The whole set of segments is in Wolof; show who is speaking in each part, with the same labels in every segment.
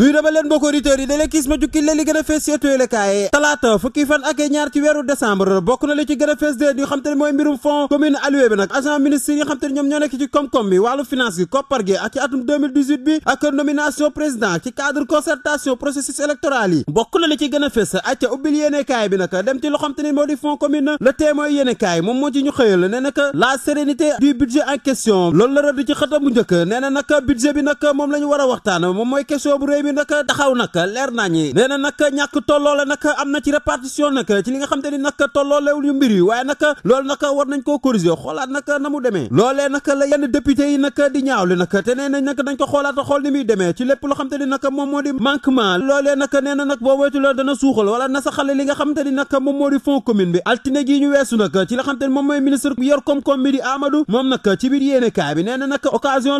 Speaker 1: luy dama leen mbokk auditeurs yi dalee kiis ma jukki leen li gën a fees ci talaata fukki fan ak ñaar ci weeru décembre bokk na li ci gën a fees deen yu xam mooy mbirum fonds commune alloué bi nag agent ministre yi xam te ñoom ñoo nekk ci koom-koom bi wàllu finance gi koppar gi ak ci atum bi ak nomination président ci cadre concertation processus électoral yi bokk na li ci gën a fees acca ubbil yéenekaay bi nag dem ci loo xam te wi nag taxaw nag leer nañi nee na nag ñàkk tolloole na ci répartition nag ci li nga xam te ni nag tolloolewul yu mbir yi waaye nag loolu nag war nañ koo corriger xoolaat nag na mu demee loolee nag la yenn député yi nag di ñaawle nag te nee nañ nag dañ ko xool ni muy demee ci lépp loo xam te di manquement na nag boo moytu loolu moom moo di fonds commune bi altine gi ñu weesu nag ci la xam te ni moom mooy ministre bi yor koom bi di Amadou moom nag ci biir yéene kaay bi nee na nag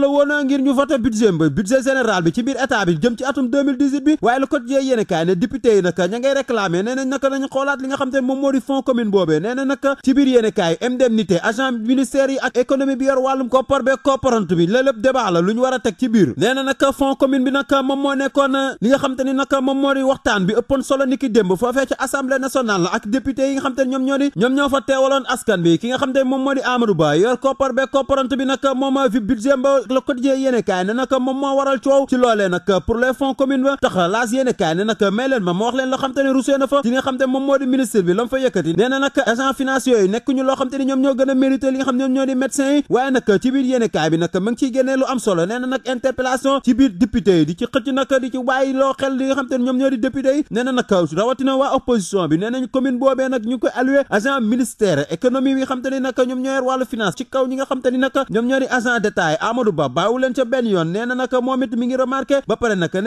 Speaker 1: la woon ngir ñu voté budget bi budget général bi ci biir état bi jëm ci atum 2018 bi waaye le quotidien yéen kaay ne député yi naka ña ngay réclamer nee nañ naka nañu xoolaat li nga a teg ci biir nee naka fonds commune bi naka moom moo nekkoon li nga xam naka moom moo di waxtaan bi ëppoon solo ni démb foofee ci assemblée nationale ak député yi nga xam ñoom ñoom ñoo fa teewaloon askan bi ki nga xam moom moo di Amadou Ba yor koppar bee kopparante bi naka moom fi budget ba le naka moom moo waral coow ci loolee naka fond commune ba tax laas yéene ne nag may ma ma wax leen loo xam te na fa ki nga xam moom moo di ministre bi la mu fa yëkkati nee na agent financier yooyu nekk ñu loo xam ñoom ñoo di médecins yi waaye nag ci biir yéene bi nag ma ngi ciy génnee lu am solo nee na nag ci biir député yi di ci xëcc nag di ci bàyyi loo xel li nga ñoom ñoo di député yi nee na rawatina waa opposition bi nee nañ commune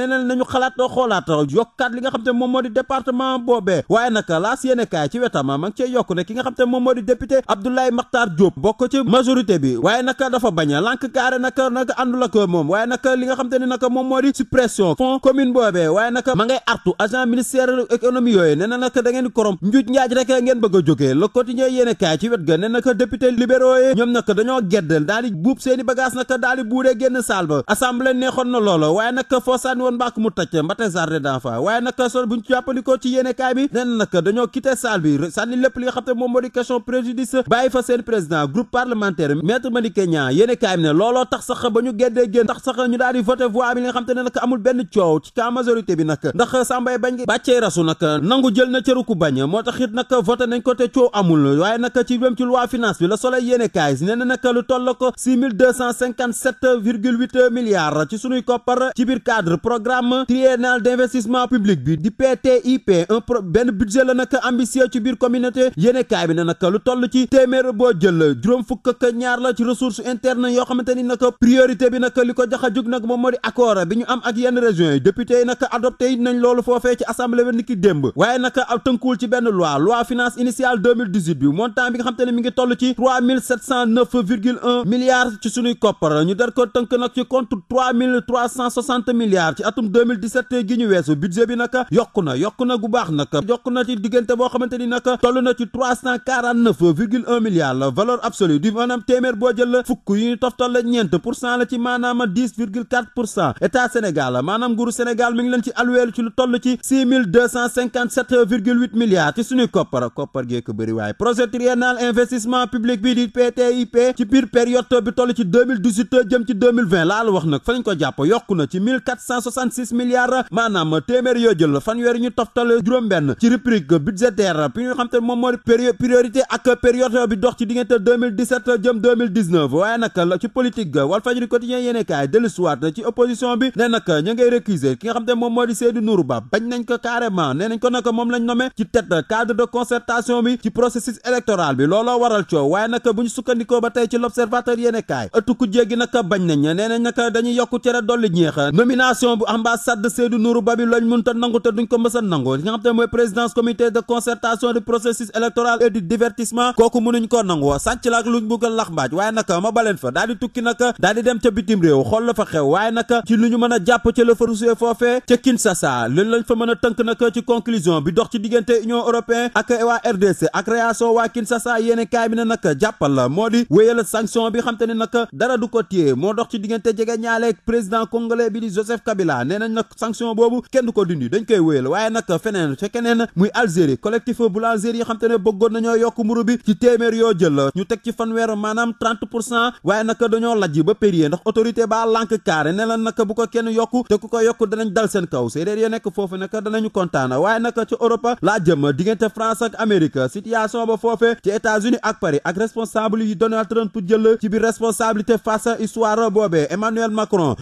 Speaker 1: neneen nañu xalaat xoolaat moom moo di département boobee waaye nag laas yéene kaay ne moom moo di député Abdoulaye Makhtar Diop bokk ci majorité bi waaye nag dafa bañ a nag nag àndul ak moom waaye nag li nga xam te ne nag moom moo di suppression fonds commune boobee waaye nag ma ngay artu agent ministère économie yooyu nee na nag di korom njuuj njaaj rek ngeen bëgg a jógee le quotidien yéene kaay ci wet ga ne nag député libéraux yi ñoom nag dañoo gedd daal di buub seeni i bagage nag daal di buudee génn saal ba assemblée neexoon na loolu waaye nag foo sànni kon mbaak mu toj mbate jardin d'enfants waaye nag sol bu ñu jàppandikoo ci yéenekaay bi nee na dañoo quitté salle bi sànni lépp li xam te moom moo di question préjudice bi ne looloo tax sax ba ñu géddee génn tax sax ñu daal di voté voix bi ci cas majorité ci même ci loi ci sunuy koppar ci biir cadre programme triennal d' investissement public bi di PTIP un pro benn budget la nag ambitieux ci biir communauté yéene kaay bi ne nag lu toll ci téeméer boo jël juróom fukk ak ñaar la ci ressource interne yoo xamante ni nag priorité bi nag li ko jax a jóg nag moom moo di accord bi ñu am ak yenn régions yi député yi nag adopté yi nañ loolu foofee ci assemblée bi ni ki démb waaye nag tënkuwul ci benn loi loi finance initiale 2018 bi montant bi nga xamante atum 2017 gi ñu weesu budget bi nag yokku na yokku na gu baax nag yokku na ci diggante boo xamante ni nag toll na ci milliard la valeur absolue di maanaam téeméer boo jël fukk yu ñu toftal la ñeent pour cent la ci maanaam 10 virgule 4 pour cent état Sénégal maanaam nguuru Sénégal mi ngi leen ci alweelu ci lu toll ci 6 ci suñuy koppar koppar gee ko bëri waaye projet triennal investissement public bi di PTIP ci biir période bi toll ci 66 milliards maanaam téeméer yoo jël fanweer ñu toftal juróom-benn ci rubrique budgétaire bi nga xam moom moo période priorité ak période bi dox ci diggante jëm waaye nag ci politique Walfadjri quotidien yéene kaay dellu siwaat na ci opposition bi ne nag ñu ngay ki nga xam moom moo di Seydou Nourou Ba bañ nañ ko carrément nee ko nag moom lañ nommé ci tête cadre de concertation bi ci processus électoral bi looloo waral coow waaye nag bu ñu ambassade de Seydou Nourou Babi mënta nangu te duñ ko mës a nangu li nga xam mooy présidence comité de concertation du processus électoral et du divertissement kooku mënuñ koo nangu sàcc la ak luñ bëgg a lax mbaaj waaye nag ma baleen fa daal di tukki nag daal di dem ca bitim réew xool la xew waaye nag ci lu ñu mën a jàpp ca la farusee foofee ca Kinshasa lin lañ fa mën a tënk nag ci conclusion bi dox ci diggante Union européenne ak waa e RDC ak réaction Touba nee nañ nag sanction boobu kenn ko dindi dañ koy wéyal waaye nag feneen ca keneen muy Algérie collectif boulanger yi xam ne bëggoon nañoo yokk mburu bi ci téeméer yoo jël ñu teg ci fanweer maanaam waaye nag dañoo lajj ba périer ndax autorité baa lànk carré ne la nag bu ko kenn yokku te ku ko yokk danañ dal seen kaw séeréer ya nekk foofu nag danañu kontaan waaye nag ci Europe laa jëm diggante France ak Amérique situation ba foofe ci États-Unis ak yi Donald Trump jël ci biir responsabilité face à histoire boobee Emmanuel Macron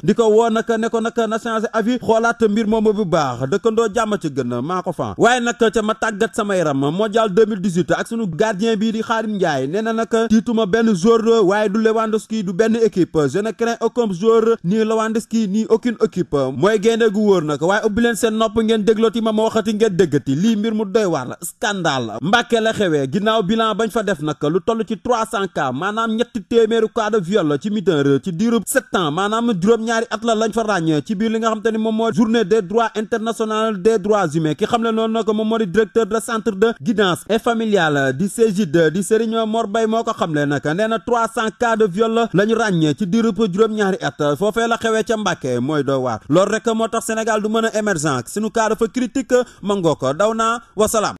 Speaker 1: changé avis xoolaat mbir moomu bu baax dëkkandoo jàmm ci gën maa ko fan waaye nag ca ma tàggat sama yaram mondial 2018 ak sunu gardien bii di Khadim Ndiaye nee na nag tiituma benn joueur waaye du Lewandowski du benn équipe je ne crains aucun joueur ni Lewandowski ni aucune équipe mooy gaynde gu wóor nag waaye ubbi leen seen nopp ngeen déglooti ma ma waxati ngeen déggati lii mbir mu doy waar la scandale Mbàkke la xewee ginnaaw bilan bañ fa def nag lu toll ci 300 cas maanaam ñetti téeméeru cas de viol ci mitinre ci diirub sept maanaam juróom-ñaari at lañ fa ràññ nga ni moom moo journée des droits international des droits humains ki xam le noonu nag moom moo di directeur de centre de guidance et familiale di CGD di Serigne Mor Bay moo ko xam le nag nee na trois cent cas de viol la ñu ràññee ci diirub juróom-ñaari at foofee la xewee ca Mbàkke mooy doo waar loolu rek moo tax Sénégal du mën a émergent sunu cas dafa critique mangoo ko daw naa wasalaam